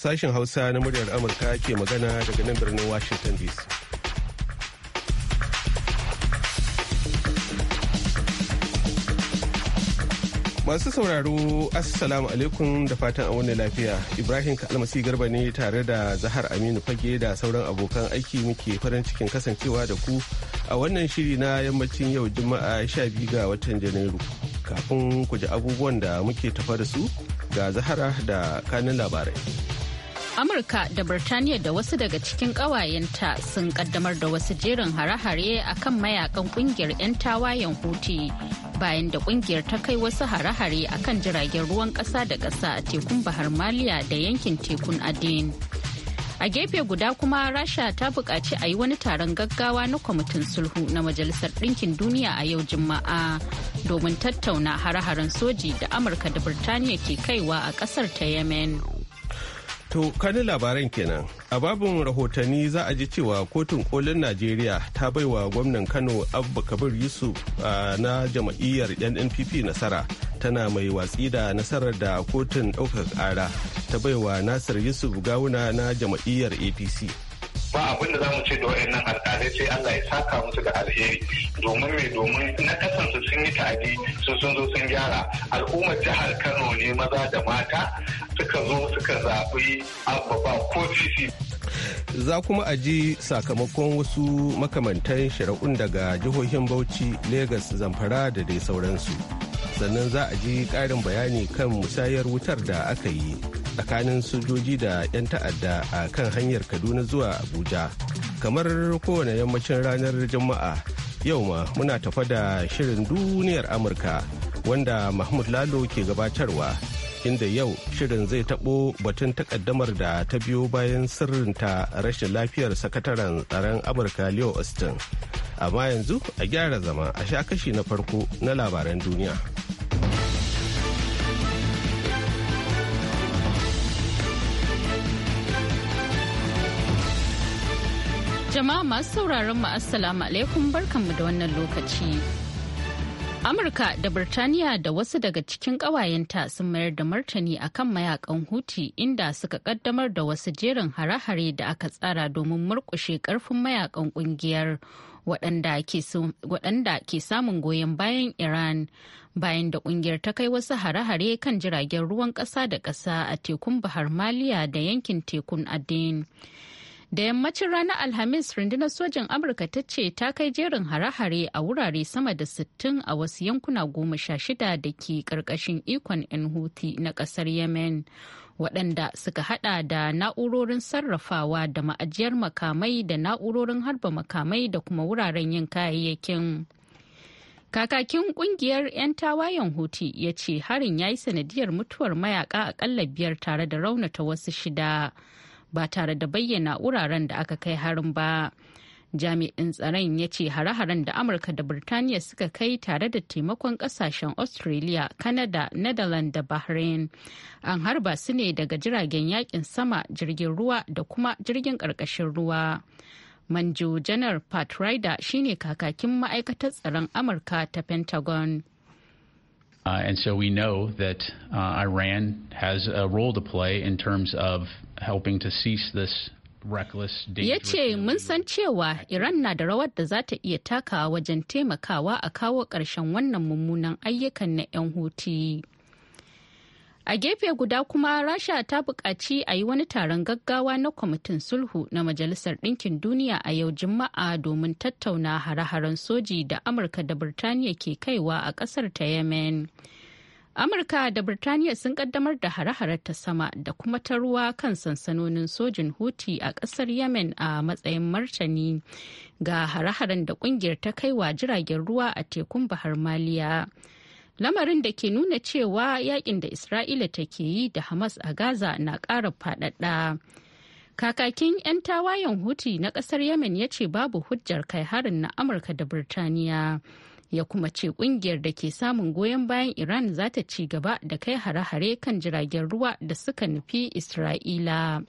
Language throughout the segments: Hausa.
Sashen Hausa na muryar Amurka ke magana daga nan birnin Washington DC. Masu sauraro Assalamu alaikum da fatan a wani lafiya. Ibrahim Kalmasi Garba ne tare da Zahar Aminu Fage da sauran abokan aiki muke farin cikin kasancewa da ku a wannan shiri na yammacin yau Juma'a 12 ga watan Janairu. kafin ku ji abubuwan da muke tafa da su ga zahara da kanin labarai. amurka da birtaniya da wasu daga cikin ƙawayenta sun kaddamar da wasu jerin hare-hare a kan mayakan kungiyar 'yan tawayen huti bayan da kungiyar ta kai wasu hare-hare a kan jiragen ruwan ƙasa da ƙasa a tekun bahar maliya da yankin tekun adin a gefe guda kuma rasha ta buƙaci a yi wani taron gaggawa na kwamitin sulhu na majalisar ɗinkin duniya a yau juma'a domin tattauna hare-haren soji da amurka da birtaniya ke kaiwa a ƙasar ta yemen. To kanin labaran kenan. A babin rahotanni za a ji cewa kotun kolin Najeriya ta baiwa gwamnan Kano Abba Kabir Yusuf na jama'iyyar NNPP nasara. Tana mai watsi da nasarar da kotun ɗaukar ƙara ta baiwa Nasir Yusuf Gawuna na jama'iyyar APC. ba abin da za mu ce da wayannan alƙalai sai Allah ya saka musu da alheri domin me domin na kasansu sun yi ta'adi su sun zo sun gyara al'ummar jihar Kano ne maza da mata suka zo suka zaɓi abba ba ko sisi za kuma a ji sakamakon wasu makamantan shari'un daga jihohin bauchi lagos zamfara da dai sauransu sannan za a ji ƙarin bayani kan musayar wutar da aka yi tsakanin sojoji da 'yan ta'adda a kan hanyar kaduna zuwa abuja kamar kowane yammacin ranar juma'a yau ma muna tafa da shirin duniyar amurka wanda mahmud lalo ke gabatarwa inda yau shirin zai taɓo batun takaddamar da ta biyo bayan sirrin ta rashin lafiyar sakataren tsaron amurka leo austin amma yanzu a gyara zama a sha kashi na farko na labaran duniya Jama'a masu sauraron mu Assalamu alaikum barkanmu da wannan lokaci. Amurka da Birtaniya da wasu daga cikin ƙawayenta sun mayar da martani akan mayakan Huti inda suka kaddamar da wasu jerin hare-hare da aka tsara domin murƙushe ƙarfin mayakan ƙungiyar waɗanda ke samun goyon bayan Iran bayan da ƙungiyar ta kai wasu hare-hare kan jiragen ruwan ƙasa da ƙasa a tekun Bahar Maliya da yankin tekun Aden. da yammacin ranar alhamis rundunar sojin amurka ta ce ta kai jerin hare-hare a wurare sama da 60 a wasu yankuna goma sha shida da ke karkashin ikon 'yan huti na kasar yemen waɗanda suka hada da na'urorin sarrafawa da ma'ajiyar makamai da na'urorin harba makamai da kuma wuraren yin kayayyakin kakakin kungiyar 'yan tawayen huti ya ce harin ya yi sanadiyar mutuwar mayaka akalla biyar tare da raunata wasu shida ba tare da bayyana wuraren da aka kai harin ba. Jami'in tsaron ya ce hare-haren da Amurka da Birtaniya suka kai tare da taimakon kasashen Australia, Canada, Netherlands da Bahrain. An harba su ne daga jiragen yakin sama, jirgin ruwa da kuma jirgin karkashin ruwa. Manjo Janar Pat Ryder shine kakakin ma'aikatar tsaron Amurka ta Pentagon. Uh, and so we know that uh, Iran has a role to play in terms of helping to cease this ya ce mun san cewa iran na da rawar da za ta iya takawa wajen taimakawa a kawo ƙarshen wannan mummunan ayyukan na 'yan huti a gefe guda kuma rasha ta buƙaci a yi wani taron gaggawa na kwamitin sulhu na majalisar ɗinkin duniya a yau juma'a domin tattauna hare-haren soji da amurka da birtaniya ke kaiwa a ƙasar ta yemen Amurka da Birtaniya sun kaddamar da hare ta sama da kuma ta ruwa kan sansanonin sojin Houthi a ƙasar Yemen a matsayin martani ga hare da kungiyar ta kai wa jiragen ruwa a tekun Bahar Maliya. Lamarin da ke nuna cewa yakin da Isra'ila take yi da Hamas a Gaza na ƙara faɗaɗa. Kakakin 'yan tawayen Houthi na ƙasar Yemen ya ce babu hujjar kai harin na Amurka da Birtaniya. ya kuma ce kungiyar da ke samun goyon bayan iran za ta ci gaba da kai hare-hare kan jiragen ruwa da suka nufi isra'ila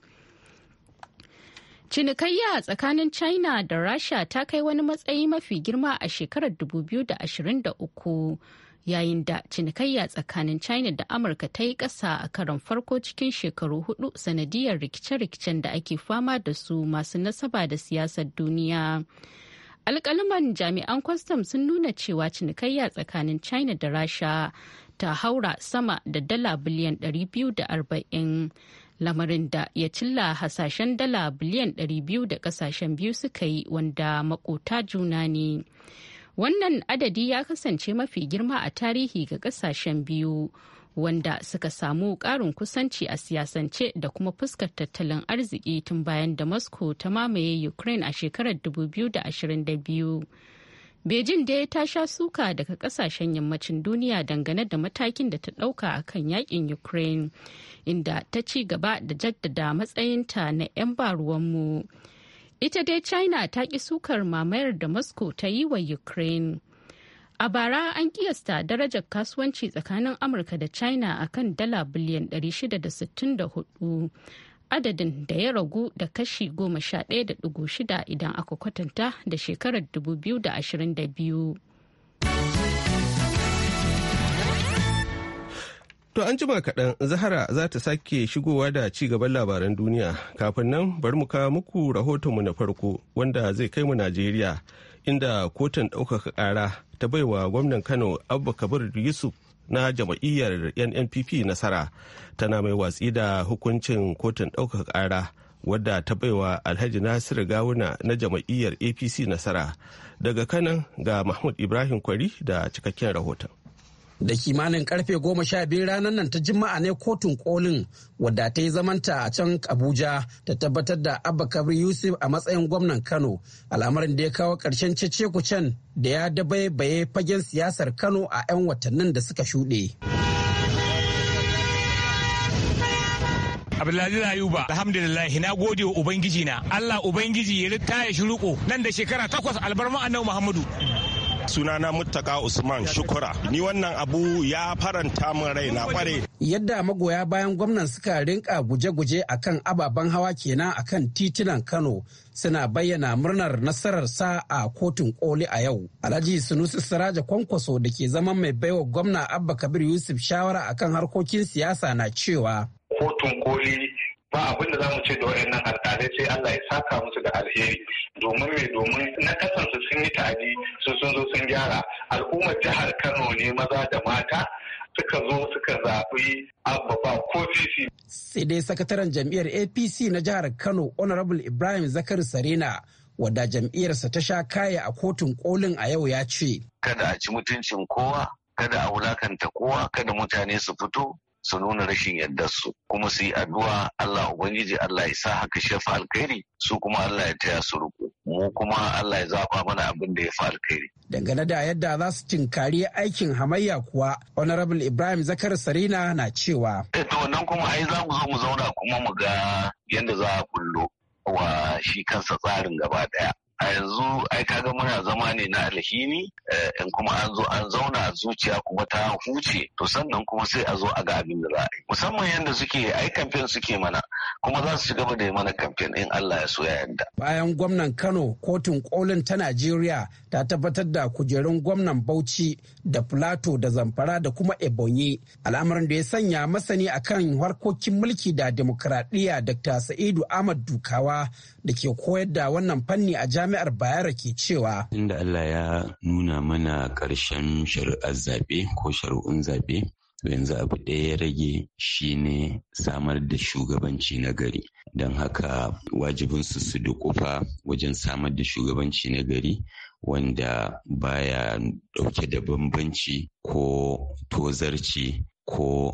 cinikayya a tsakanin china da rasha ta kai wani matsayi mafi girma a shekarar 2023 yayin da cinikayya tsakanin china da amurka ta yi ƙasa a karon farko cikin shekaru hudu sanadiyar rikice-rikicen da ake fama da su masu nasaba da siyasar duniya alkalaman jami'an kwastam sun nuna cewa cinikayya tsakanin china da rasha ta haura sama da dala biliyan 240 lamarin da ya cilla hasashen dala biliyan 200 da kasashen biyu suka yi wanda makota juna ne wannan adadi ya kasance mafi girma a tarihi ga kasashen biyu wanda suka samu ƙarin kusanci a siyasance da kuma fuskar tattalin arziki tun bayan da moscow ta mamaye ukraine a shekarar 2022 Beijing dai ta sha suka daga kasashen yammacin duniya dangane da matakin da ta dauka a kan yakin Ukraine, inda ta ci gaba da jaddada matsayinta na 'yan baruwanmu. Ita dai China ta ƙi sukar mamayar da Moscow ta yi wa Ukraine. A bara an kiyasta darajar kasuwanci tsakanin Amurka da China a kan dala biliyan 664 adadin da ya ragu da kashi 11.6 idan aka kwatanta da shekarar 2022. To an jima kaɗan Zahara za ta sake shigowa da ci gaban labaran duniya kafin nan bari mu kawo muku rahotonmu na farko wanda zai kai mu Najeriya. inda kotun ɗaukaka ƙara ta baiwa gwamnan kano abba kabir yusuf na jama'iyyar nnpp nasara tana mai watsi da hukuncin kotun ɗaukaka ƙara wadda ta baiwa alhaji nasir gawuna na jama'iyyar apc nasara daga kanan ga mahmud ibrahim kwari da cikakken rahoton da kimanin karfe goma sha biyu ranar nan ta jima'a ne kotun kolin wadda ta yi zamanta a can abuja ta tabbatar da abba kabir yusuf a matsayin gwamnan kano al'amarin da ya kawo karshen cece kucen da ya dabaibaye fagen siyasar kano a 'yan watannin da suka shuɗe. Abdulaziz Ayuba alhamdulillah na gode wa ubangiji na Allah ubangiji ya ritta ya nan da shekara takwas albarma annabi Muhammadu sunana muttaka usman shukura ni wannan abu ya faranta min raina na kware yadda magoya bayan gwamnan suka rinka guje-guje akan ababen hawa kenan akan titunan kano suna bayyana murnar nasarar sa a kotun koli a yau alhaji sunusi siraja kwankwaso da ke zama mai baiwa gwamna abba kabir yusuf shawara akan harkokin siyasa na cewa kotun koli ba abin da za mu ce da wayannan alƙalai sai Allah ya saka musu da alheri domin me domin na su sun yi ta'adi su sun zo sun gyara al'ummar jihar Kano ne maza da mata suka zo suka zaɓi abba ba ko fifi. Sai dai sakataren jam'iyyar APC na jihar Kano Honorable Ibrahim Zakar Sarena wadda jam'iyyarsa ta sha kaya a kotun kolin a yau ya ce. Kada a ci mutuncin kowa, kada a wulakanta kowa, kada mutane su fito su nuna rashin yardarsu kuma su yi addu'a Allah Ubangiji Allah ya sa haka shafa alkhairi su kuma Allah ya taya su ruku mu kuma Allah ya zafa mana abin da ya fa alkhairi. Dangane da yadda za su tinkari aikin hamayya kuwa Honorable Ibrahim Zakar Sarina na cewa. Eh to wannan kuma ai za mu zo mu zauna kuma mu ga yadda za a kullo wa shi kansa tsarin gaba daya. a yanzu ai kaga muna zama ne na alhini eh, in kuma an zo an zauna zuciya kuma ta huce to sannan kuma sai a zo a ga abin da za a yi musamman yadda suke ai kamfen suke mana kuma za su gaba da yi mana kamfen in Allah ya so ya yarda bayan gwamnan Kano kotun kolin ta Najeriya ta tabbatar da kujerun gwamnan Bauchi da Plato da Zamfara da kuma Ebonyi al'amarin da ya sanya masani akan harkokin mulki da demokradiyya Dr. Sa'idu Ahmad Dukawa da ke koyar da wannan fanni a jami'a jami'ar Bayero ke cewa. Inda Allah ya nuna mana ƙarshen shari'ar zaɓe ko shari'un zaɓe yanzu abu ɗaya ya rage shine samar da shugabanci na gari don haka wajibinsu su dukufa wajen samar da shugabanci na gari wanda baya ɗauke da bambanci ko tozarci ko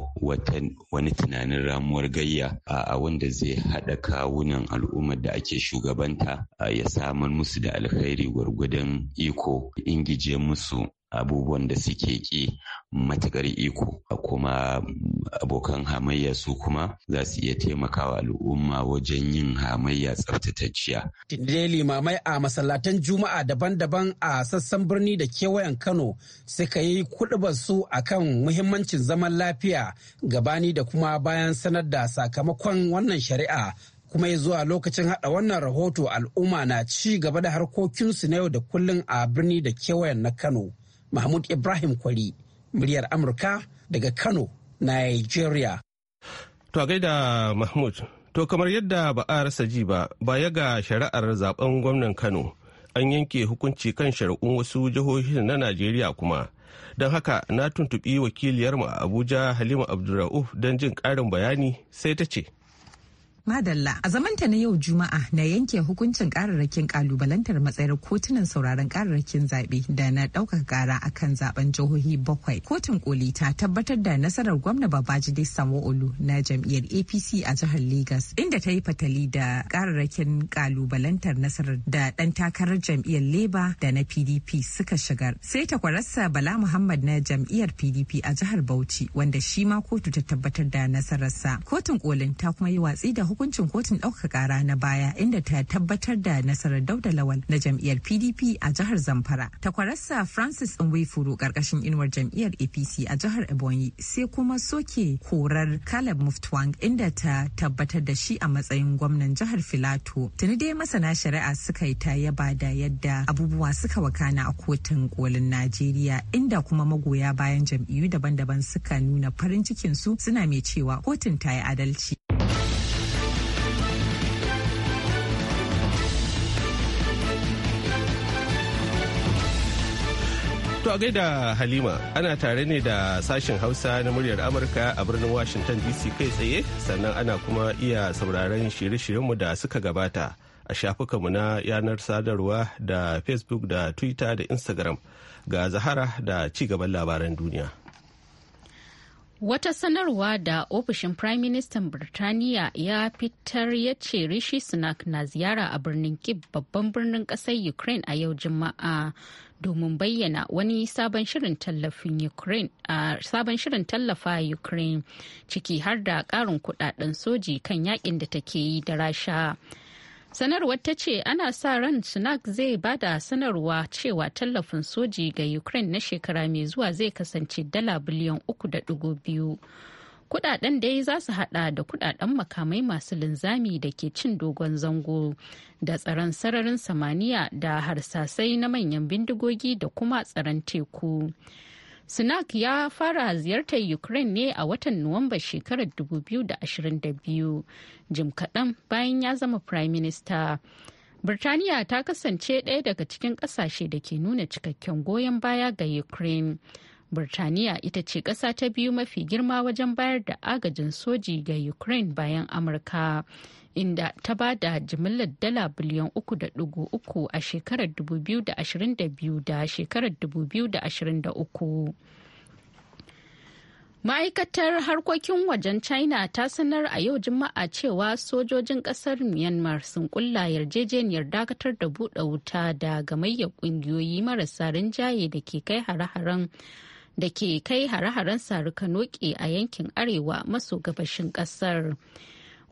wani tunanin ramuwar gayya a wanda zai haɗa kawunan al'ummar da ake shugabanta ya samar musu da alkhairi gwargwadon iko ingije musu abubuwan da suke ki matakar iko kuma abokan hamayya su kuma za su iya taimakawa al'umma wajen yin hamayya tsaftatacciya. Dai limamai a masallatan juma'a daban-daban a sassan birni da kewayen Kano suka yi kuɗubar a kan muhimmancin zaman lafiya gabani da kuma bayan sanar da sakamakon wannan shari'a kuma ya zuwa lokacin hada wannan rahoto al'umma na ci gaba da harkokinsu na yau da kullum a birni da kewayen na Kano. Mahmud Ibrahim Kwari, muryar Amurka daga Kano, Nigeria. To gaida Mahmud, to kamar yadda ba a rasa ji ba, baya ga shari'ar zaben gwamnan Kano, an yanke hukunci kan shari'un wasu jihohin na Najeriya kuma. Don haka na tuntuɓi wakiliyarmu a Abuja Halima Abdulra'uf don jin ƙarin bayani sai ta ce. Madalla a zamanta na yau Juma'a na yanke hukuncin kararrakin kalubalantar matsayar kotunan sauraron kararrakin zaɓe da na ɗaukaka kara akan zaben jihohi bakwai. Kotun koli ta tabbatar da nasarar gwamna Babajide Sanwo-Olu na jam'iyyar APC a jihar Legas inda ta yi fatali da kararrakin kalubalantar nasarar da ɗan takarar jam'iyyar Leba da na PDP suka shigar. Sai ta kwararsa Bala Muhammad na jam'iyyar PDP a jihar Bauchi wanda shi ma kotu ta tabbatar da nasararsa. Kotun kolin ta kuma yi watsi da hukuncin kotun ɗaukaka ƙara na baya inda ta tabbatar da nasarar Dauda Lawal na jam'iyyar PDP a jihar Zamfara. Takwararsa Francis nwaifuru ƙarƙashin inuwar jam'iyyar APC a jihar Ebonyi sai kuma soke korar Caleb Muftwang inda ta tabbatar da shi a matsayin gwamnan jihar Filato. Tuni dai masana shari'a suka yi ta yaba da yadda abubuwa suka wakana a kotun kolin Najeriya inda kuma magoya bayan jam'iyyu daban-daban suka nuna farin cikin su suna mai cewa kotun ta yi adalci. a da Halima ana tare ne da sashen Hausa na muryar Amurka a birnin Washington DC kai tsaye sannan ana kuma iya sauraron shirye-shiryenmu da suka gabata a mu na yanar sadarwa da Facebook da Twitter da Instagram ga Zahara da ci gaban labaran duniya. Wata sanarwa da ofishin Prime Minister Birtaniya ya fitar ya ce Rishi Sunak na ziyara a birnin Kib babban birnin ƙasar Ukraine a yau Juma'a domin bayyana wani sabon shirin tallafin Ukraine a sabon shirin tallafa Ukraine ciki har da ƙarin kudaden soji kan yakin da take yi da Rasha. sanarwar ta ce ana sa ran sunak zai bada sanarwa cewa tallafin soji ga ukraine na shekara mai zuwa zai kasance dala biliyan uku da dai za su hada da kudaden makamai masu linzami da ke cin dogon zango da tsaron sararin samaniya da harsasai na manyan bindigogi da kuma tsaron teku. Sunak ya fara ziyartar Ukraine ne a watan Nuwamba shekarar 2022, jim kaɗan bayan ya zama Prime Minister. Birtaniya ta kasance ɗaya daga cikin ƙasashe da ke nuna cikakken goyon baya ga Ukraine. Birtaniya ita ce ƙasa ta biyu mafi girma wajen bayar da agajin soji ga Ukraine bayan Amurka. inda ta ba da jimillar dala biliyan 3.3 a shekarar 2022 da shekarar 2023. Ma'aikatar harkokin wajen China ta sanar a yau Juma'a cewa sojojin kasar Myanmar sun kulla yarjejeniyar dakatar da buɗe wuta da gamayyar ƙungiyoyi marasa rinjaye da ke kai hare-haren da ke kai hare-haren sarika noke a yankin arewa maso gabashin ƙasar. kasar.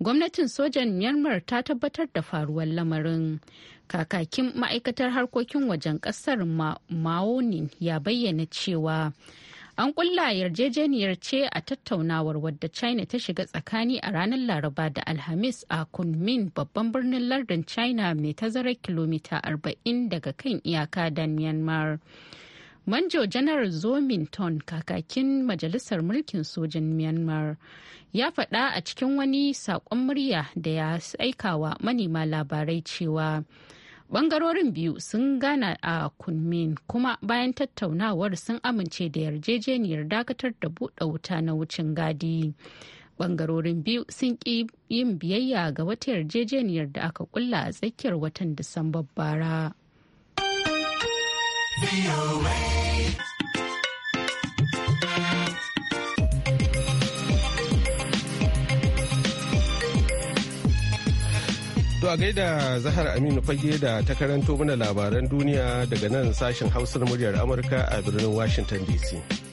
gwamnatin sojan myanmar ta tabbatar da faruwar lamarin kakakin ma'aikatar harkokin wajen kasar maonin ya bayyana cewa an kulla yarjejeniyar ce a tattaunawar wadda china ta shiga tsakani a ranar laraba da alhamis a kunmin babban birnin lardin china mai tazarar kilomita 40 daga kan iyaka da myanmar Manjo Janar Zominton kakakin Majalisar Mulkin Sojan Myanmar ya faɗa a cikin wani saƙon murya da ya aikawa manema labarai cewa ɓangarorin biyu sun gana a kunmin kuma bayan tattaunawar sun amince da yarjejeniyar dakatar da buɗe wuta na wucin gadi. ɓangarorin biyu sun ƙi yin biyayya ga wata yarjejeniyar da aka kulla a tsakiyar watan Disamba bara. To a gaida Zahar Aminu fage da ta karanto mana labaran duniya daga nan sashen hausar muryar Amurka a birnin Washington DC.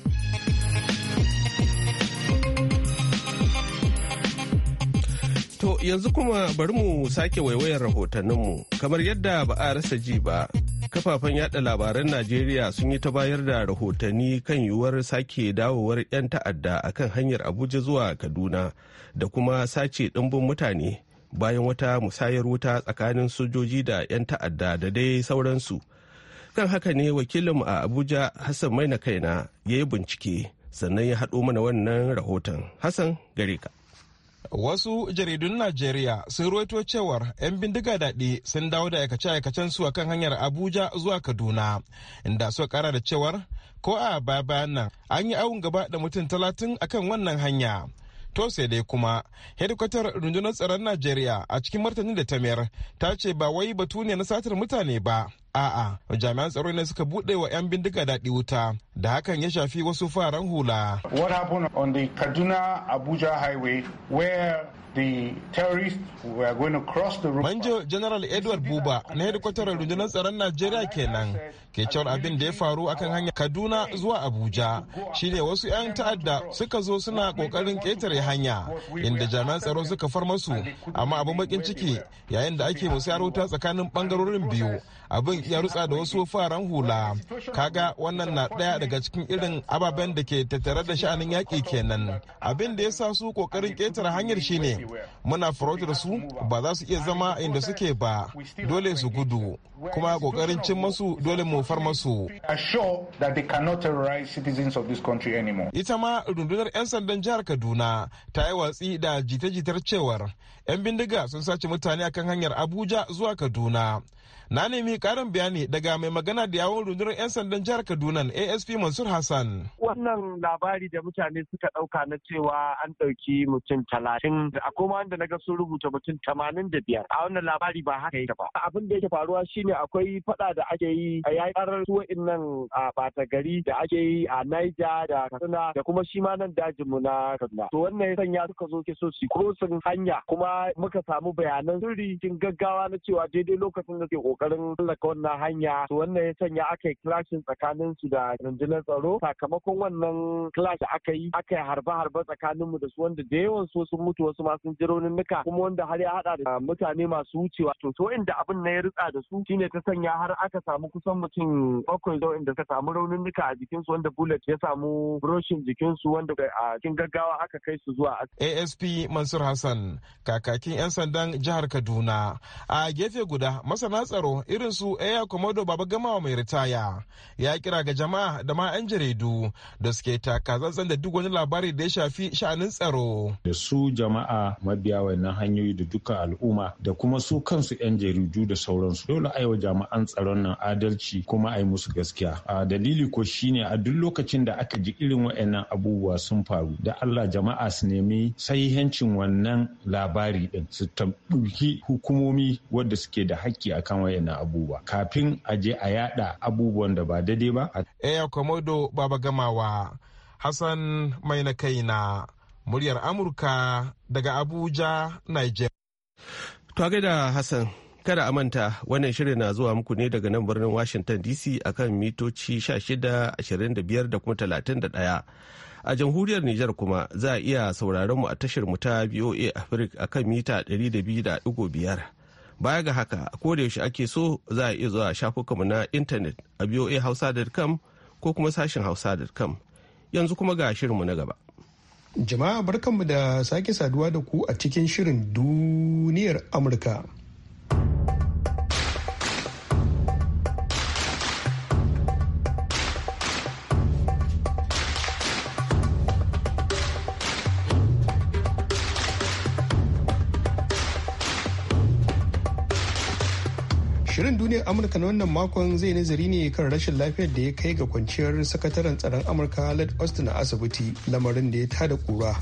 yanzu kuma bari mu sake waiwayar rahotanninmu kamar yadda ba a rasa ji ba. Kafafen yada labaran Najeriya sun yi ta bayar da rahotanni kan yiwuwar sake dawowar 'yan ta'adda a kan hanyar Abuja zuwa Kaduna da kuma sace dimbin mutane bayan wata musayar wuta tsakanin sojoji da 'yan ta'adda da dai sauransu. Kan haka ne wakilinmu a Abuja Hassan mai na kaina ya yi bincike sannan ya haɗo mana wannan rahoton. Hassan gare ka. Wasu jaridun Najeriya sun ruwaito cewar 'yan bindiga daɗi sun dawo da aikace-aikacen su akan hanyar Abuja zuwa Kaduna, inda suka kara da cewar ko a baya bayan nan an yi awun gaba da mutum talatin akan wannan hanya. To sai dai kuma, hedikwatar rundunar tsaron Najeriya a cikin martanin da ta mayar ta ce ba wai batu ne na satar mutane ba. A'a, jami'an tsaro ne suka bude wa 'yan bindiga daɗi wuta da hakan ya shafi wasu faran hula. What happened on the Kaduna Abuja highway where Manjo General Edward Buba na hedikwatar rundunar tsaron Najeriya kenan ke cewar abin da ya faru akan hanyar Kaduna zuwa Abuja shine wasu 'yan ta'adda suka zo suna kokarin ketare hanya inda jami'an tsaro suka far masu amma abin bakin ciki yayin da ake musayar wuta tsakanin bangarorin biyu abin ya rutsa da wasu faran hula kaga wannan na daya daga cikin irin ababen da ke tattare da sha'anin yaki kenan abin da ya sa su kokarin ketare hanyar shine muna farautar su ba za su iya zama inda suke ba dole su gudu kuma kokarin cin masu dole mu far masu ita ma rundunar 'yan sandan jihar kaduna ta yi watsi da jita-jitar cewar 'yan bindiga sun sace mutane akan hanyar abuja zuwa kaduna na nemi karin bayani daga mai magana da yawon rundunar 'yan sandan jihar kaduna asp mansur hassan wannan labari da mutane suka dauka na cewa an dauki mutum talatin da koma wanda na ga sun rubuta mutum tamanin da biyar a wannan labari ba haka yake ba abin da yake faruwa shine akwai fada da ake yi a yayin in nan a bata gari da ake yi a naija da katsina da kuma shi ma nan dajin mu na kaduna to wannan ya sanya suka zo ke so su crossing hanya kuma muka samu bayanan sirri cikin gaggawa na cewa daidai lokacin da suke kokarin tallaka wannan hanya to wannan ya sanya aka yi kilashin tsakanin su da rundunar tsaro sakamakon wannan clash da aka yi aka yi harba harba tsakanin mu da su wanda da yawan so sun mutu wasu ma sun ji raunuka kuma wanda har ya hada da mutane masu wucewa to to inda abin na ya ritsa da su shine ta sanya har aka samu kusan mutum bakwai da inda ka samu raunuka a jikinsu wanda bullet ya samu broshin jikinsu wanda a cikin gaggawa aka kai su zuwa ASP Mansur Hassan kakakin 'yan sandan jihar Kaduna a gefe guda masana tsaro irin su Aya Komodo Baba Gamawa mai ritaya ya kira ga jama'a da ma 'yan jaridu da suke taka zantsan da duk wani labari da ya shafi sha'anin tsaro. Da su jama'a mabiya wannan hanyoyi da duka al'umma da kuma su kansu 'yan jaridu da sauransu dole a wa jama'an tsaron nan adalci kuma a yi musu gaskiya. A dalili ko shine a duk lokacin da aka ji irin wa'annan abubuwa sun faru da Allah jama'a su nemi sahihancin wannan labari din su tabbuki hukumomi wadda suke da haƙƙi akan wayan abubuwa kafin a je a yada abubuwan da ba daidai ba. Eya eh, Komodo Baba Gamawa Hassan mai na kai na muryar Amurka daga Abuja, Nigeria. To gaida Hassan kada a manta wannan shirin na zuwa muku ne daga nan birnin Washington DC akan mitoci 16,25 da kuma 31. a jamhuriyar Nijar kuma za a iya sauraron mu a tashar mu ta VOA Africa akan mita 200.5 Baya ga haka, ko da yaushe ake so za a iya zuwa shafukanmu na intanet a voahausa.com ko kuma sashin hausa.com. Yanzu kuma ga shirinmu na gaba. Jama'a barkanmu da sake saduwa da ku a cikin shirin duniyar Amurka. Shirin duniyar Amurka na wannan makon zai nazari ne kan rashin lafiyar da ya kai ga kwanciyar sakataren tsaron Amurka Led Austin a asibiti lamarin da ya tada kura.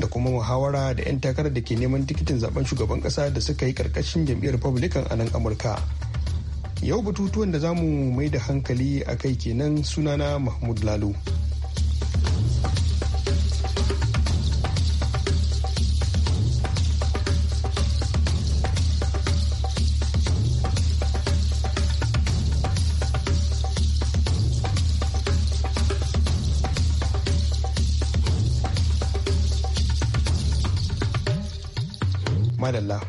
Da kuma muhawara da 'yan takarar da ke neman tikitin zaben shugaban kasa da suka yi karkashin jam'iyyar Republican a nan Amurka. Yau batutuwan da zamu mai da hankali a kai kenan sunana Mahmud lalu. madalla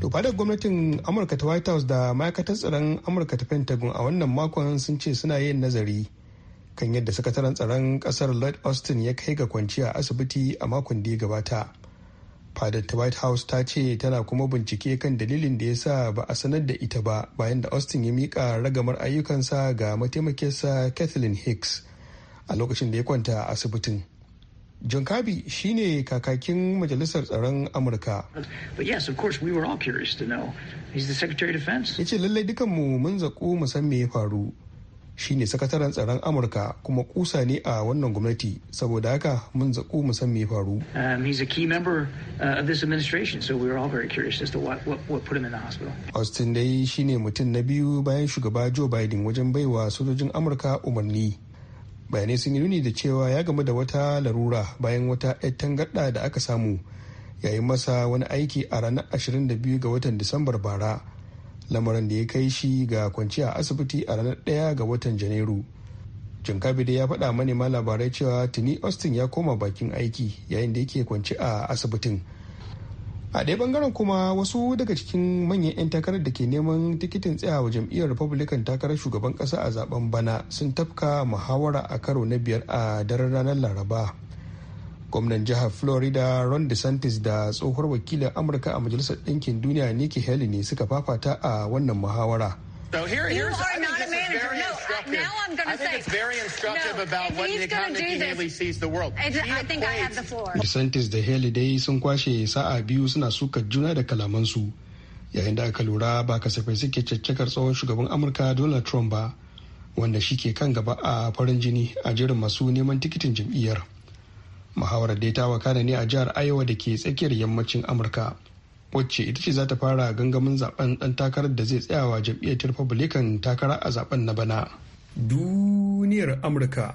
to fadar gwamnatin amurka ta white house da ma'aikatar tsaron amurka ta pentagon a wannan makon sun ce suna yin nazari kan yadda sakataren tsaron kasar lloyd austin ya kai ga kwanciya asibiti a makon da ya gabata fadar ta white house ta ce tana kuma bincike kan dalilin da ya sa ba a sanar da ita ba bayan da austin ya mika ragamar ayyukansa ga mataimakinsa kathleen hicks a lokacin da ya kwanta a asibitin John Kirby shine kakakin Majalisar Tsaron Amurka. yes, of course, we were all curious to Ya ce lallai dukanmu mun zaku mu san me ya faru. Shine sakataren tsaron Amurka kuma kusa ne a wannan gwamnati saboda haka mun zaku mu san me ya faru. Um, he's a key member uh, so we Austin dai shine mutum na biyu bayan shugaba Joe Biden wajen baiwa sojojin Amurka umarni. bayanai sun yi nuni da cewa ya gamu da wata larura bayan wata 'yar tangarɗa da aka samu yayin masa wani aiki a ranar 22 ga watan disambar bara lamarin da ya kai shi ga kwanciya asibiti a ranar 1 ga watan janairu jinkabide ya faɗa manema labarai cewa tuni austin ya koma bakin aiki yayin da yake kwanci a asibitin a ɗaya bangaren kuma wasu daga cikin manyan 'yan takarar da ke neman tikitin tsayawa jam'iyyar republican takarar shugaban ƙasa a zaben bana sun tafka muhawara a karo na biyar a daren ranar laraba gwamnan jihar florida ron desantis da tsohuwar wakilin amurka a majalisar ɗinkin duniya nikki haley ne suka fafata a wannan muhawara instructive. Now I'm going to say. it's very instructive no, about what Nick, how Haley sees the world. I think I have the floor. da Haley dai sun kwashe sa'a biyu suna sukar juna da kalamansu. Yayin da aka lura ba kasafai suke caccakar tsohon shugaban Amurka Donald Trump ba, wanda shi ke kan gaba a farin jini a jirin masu neman tikitin jam'iyyar. Muhawarar dai ta wakana ne a jihar Iowa da ke tsakiyar yammacin Amurka. wacce ita ce za ta fara gangamin zaben dan takarar da zai tsayawa jam'iyyar republican takara a zaben na bana. duniyar Amurka.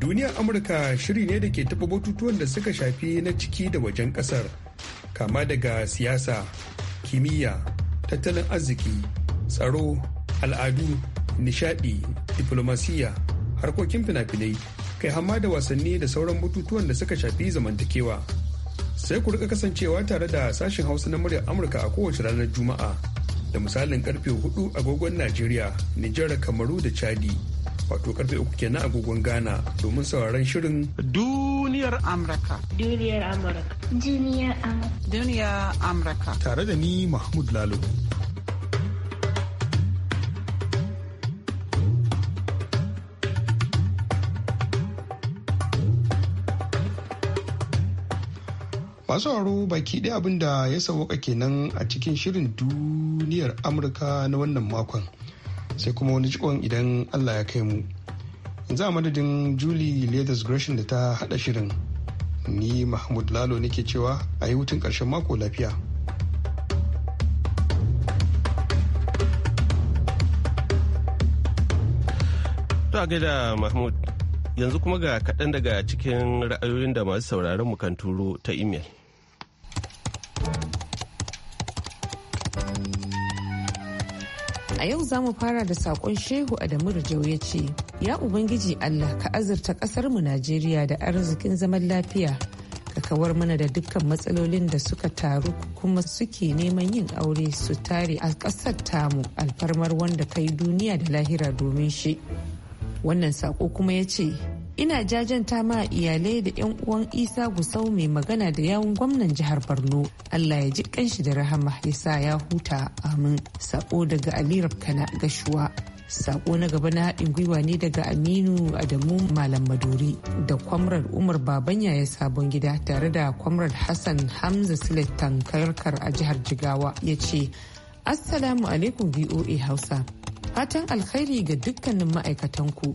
Duniyar Amurka shiri ne da ke taɓa bututuwan da suka shafi na ciki da wajen ƙasar, kama daga siyasa, kimiyya, tattalin arziki, tsaro, al'adu, nishadi, diplomasiya, harkokin fina-finai, kai hamma da wasanni da sauran bututuwan da suka shafi zamantakewa. sai ku rika kasancewa tare da sashen hausa na muryar amurka a kowace ranar juma'a da misalin karfe 4 agogon najeriya nijar kamaru da chadi wato karfe 3 kenan agogon ghana domin sauraron shirin duniyar amurka duniyar amurka duniyar amurka tare da ni mahmud lalo masu sauraro baki ɗaya abin da ya sauwaka kenan a cikin shirin duniyar amurka na wannan makon sai kuma wani jikon idan allah ya kai mu yanzu a madadin julie leathers gresham da ta hada shirin ni mahmud lalo nake cewa a yi hutun ƙarshen mako lafiya To gaida Mahmud, yanzu kuma ga kaɗan daga cikin ra'ayoyin da masu sauraron mu kan turo ta imel. A yau za mu fara da saƙon Shehu Adamu Rijau ya ce, Ya Ubangiji Allah ka azurta ƙasarmu Najeriya da arzikin zaman lafiya, ka kawar mana da dukkan matsalolin da suka taru kuma suke neman yin aure su tare a ƙasar tamu alfarmar wanda ka yi duniya da lahira domin shi. Wannan saƙo kuma ya ce, ina jajanta ma iyalai da 'yan uwan isa gusau mai magana da yawun gwamnan jihar borno allah ya ji kanshi da rahama ya sa ya huta amin sako daga alirab kana gashuwa sako na gaba na haɗin gwiwa ne daga aminu adamu malam maduri da kwamrar umar baban ya sabon gida tare da kwamrar hassan hamza silet tankarkar a jihar jigawa ya ce assalamu alaikum voa hausa fatan alkhairi ga dukkanin ma'aikatanku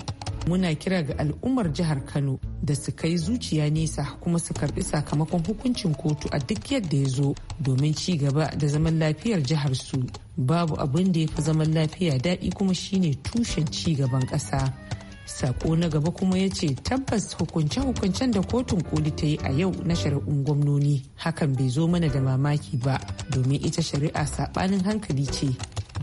muna kira ga al'ummar jihar kano da su kai zuciya nesa kuma su karbi sakamakon hukuncin kotu a duk yadda ya zo domin ci gaba da zaman lafiyar jihar su babu abin da ya fi zaman lafiya daɗi kuma shine tushen ci gaban ƙasa sako na gaba kuma ya ce tabbas hukunce-hukuncen da kotun koli ta yi a yau na shari'un gwamnoni hakan bai zo mana da mamaki ba domin ita shari'a saɓanin hankali ce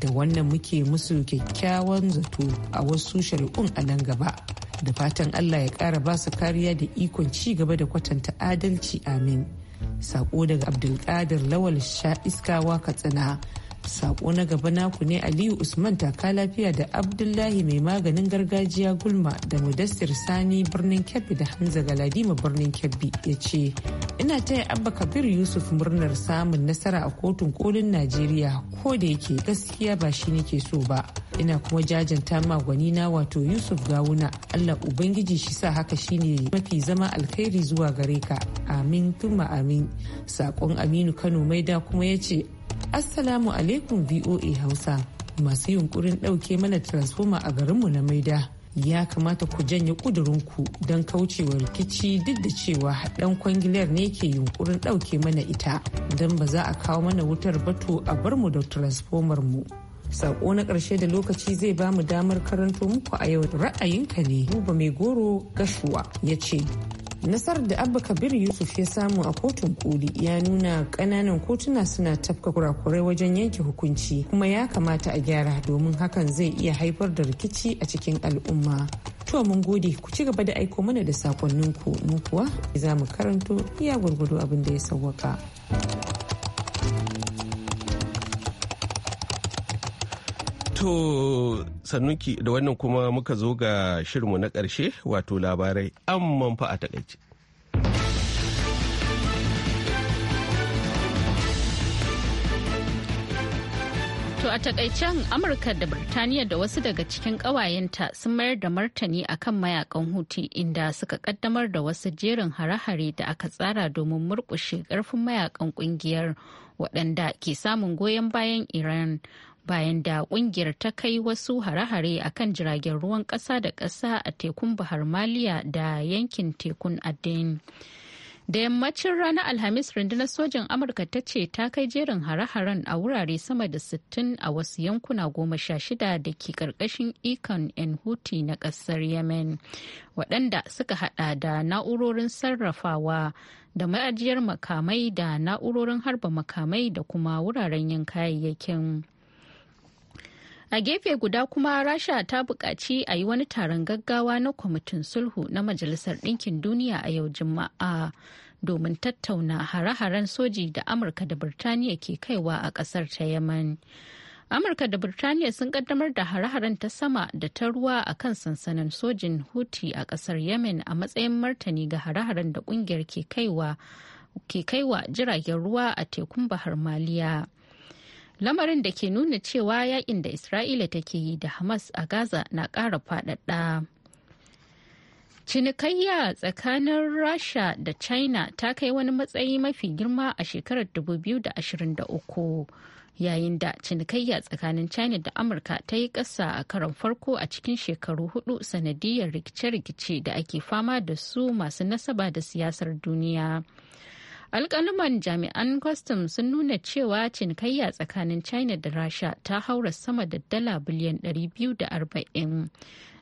da wannan muke musu kyakkyawan zato a wasu shari'un a nan gaba da fatan allah ya kara ba su kariya da ikon ci gaba da kwatanta adalci amin sako daga abdulkadir lawal sha iskawa katsina Sako na gaba naku ne Aliyu Usman taka lafiya da Abdullahi mai maganin gargajiya gulma da Modestir Sani birnin Kebbi da Hamza Galadima birnin Kebbi ya ce, Ina taya Abba Kabir Yusuf murnar samun nasara a kotun kolin Najeriya ko da yake gaskiya ba shi nake so ba. Ina kuma jajanta magwani na wato Yusuf Gawuna Allah Ubangiji shi sa haka shine mafi zama alkhairi zuwa gare ka. Amin tuma amin. Sakon Aminu Kano Maida kuma ya ce Assalamu alaikum VOA Hausa. Masu yunkurin ɗauke mana transformer a garinmu na Maida. Ya kamata ku janye ku don kaucewa rikici duk da cewa haɗan kwangilar ne ke yunkurin ɗauke mana ita. Don ba za a kawo mana wutar bato a bar mu da transformer mu. Sako na ƙarshe da lokaci zai ba mu damar karanto muku a yau ra'ayinka ne. Buba mai goro gashuwa ya ce, nasarar da abba kabir yusuf ya samu a kotun koli ya nuna kananan kotuna suna tafka kurakurai wajen yanke hukunci kuma ya kamata a gyara domin hakan zai iya haifar da rikici a cikin al'umma to mun gode ku ci gaba da aiko mana da sakonninku mu kuwa za mu karanto iya gwargwado abin da ya sawwaka. To sannuki da wannan kuma muka zo ga shirinmu na ƙarshe wato labarai an manfa a takaice. To a takaicen Amurka da Birtaniya da wasu daga cikin ƙawayenta sun mayar da martani a kan mayakan hutu inda suka kaddamar da wasu jerin hare-hare da aka tsara domin murƙushe ƙarfin mayakan ƙungiyar waɗanda ke samun goyon bayan Iran bayan da kungiyar ta kai wasu hare-hare a kan jiragen ruwan ƙasa da ƙasa a tekun bahar maliya da yankin tekun aden da yammacin ranar alhamis rundunar sojin amurka ta ce ta kai jerin hare-haren a wurare sama da 60 a wasu yankuna goma sha shida da ke karkashin ikon yan huti na kasar yemen waɗanda suka hada da na'urorin sarrafawa da ma'ajiyar makamai da na'urorin harba makamai da kuma wuraren yin kayayyakin a gefe guda kuma rasha ta buƙaci a yi wani taron gaggawa na kwamitin sulhu na majalisar ɗinkin duniya a yau juma'a domin tattauna hare-haren soji da amurka da birtaniya ke kaiwa a ƙasar ta yaman amurka da birtaniya sun kaddamar da hare-haren ta sama da ta ruwa a kan sansanin sojin huti a ƙasar yemen a matsayin martani ga hare-haren da ƙungiyar ke kaiwa jiragen ruwa a tekun bahar maliya lamarin da ke nuna cewa yakin da isra'ila take yi da hamas a gaza na ƙara faɗaɗa cinikayya tsakanin rasha da china ta kai wani matsayi mafi girma a shekarar 2023 yayin da cinikayya tsakanin china da amurka ta yi ƙasa a karan farko a cikin shekaru hudu sanadiyar rikice-rikice da ake fama da su masu nasaba da siyasar duniya. alkaluman jami'an kwastam sun nuna cewa cinikayya tsakanin china da rasha ta haura sama da dala biliyan 240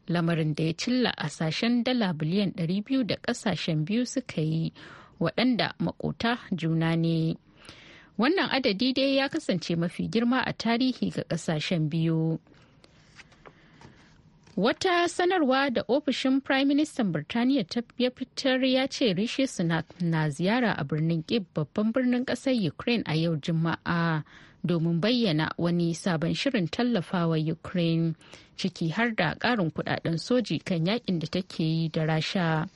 lamarin da ya cilla a sashen dala biliyan 200 da kasashen biyu suka yi waɗanda makota juna ne wannan adadi dai ya kasance mafi girma a tarihi ga kasashen biyu Wata sanarwa da ofishin Prime Minister Birtaniya ta fitar ya ce Rishi Sunak na ziyara a birnin Kyiv babban birnin ƙasar Ukraine a yau Juma'a domin bayyana wani sabon shirin tallafawa Ukraine ciki har da ƙarin kudaden soji kan yakin da take yi da Rasha.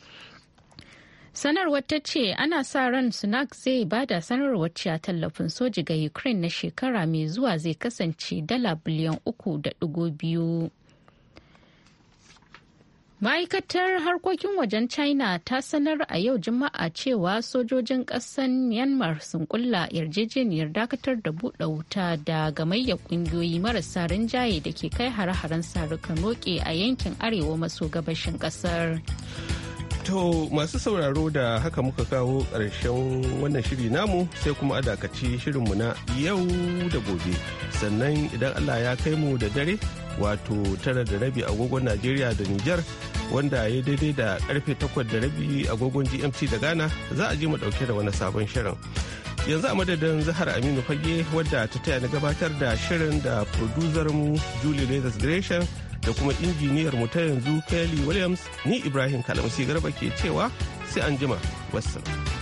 Sanarwar ta ce ana sa ran Sunak zai ba da sanarwar cewa tallafin soji ga Ukraine na shekara mai zuwa zai kasance dala biliyan uku da ɗigo biyu. Ma'aikatar harkokin wajen China ta sanar a yau Juma'a cewa sojojin ƙasar Myanmar sun kulla yarjejeniyar dakatar da buɗe wuta da gamayyar ƙungiyoyi marasa rinjaye da ke kai hare-haren sarukan noke a yankin arewa maso gabashin ƙasar. To masu sauraro da haka muka kawo ƙarshen wannan shiri namu sai kuma a dakaci shirinmu na yau da gobe. Sannan idan Allah ya kai mu da dare wato tara da rabi agogon Najeriya da Nijar wanda ya daidai da karfe takwas da rabi agogon GMT da Ghana za a je mu dauke da wani sabon shirin. Yanzu a madadin Zahar Aminu Fage wadda ta taya na gabatar da shirin da producer mu Julie Leathers Gresham da kuma injiniyar mu ta yanzu Kelly Williams ni Ibrahim Kalamsi Garba ke cewa sai an jima. Wassalam.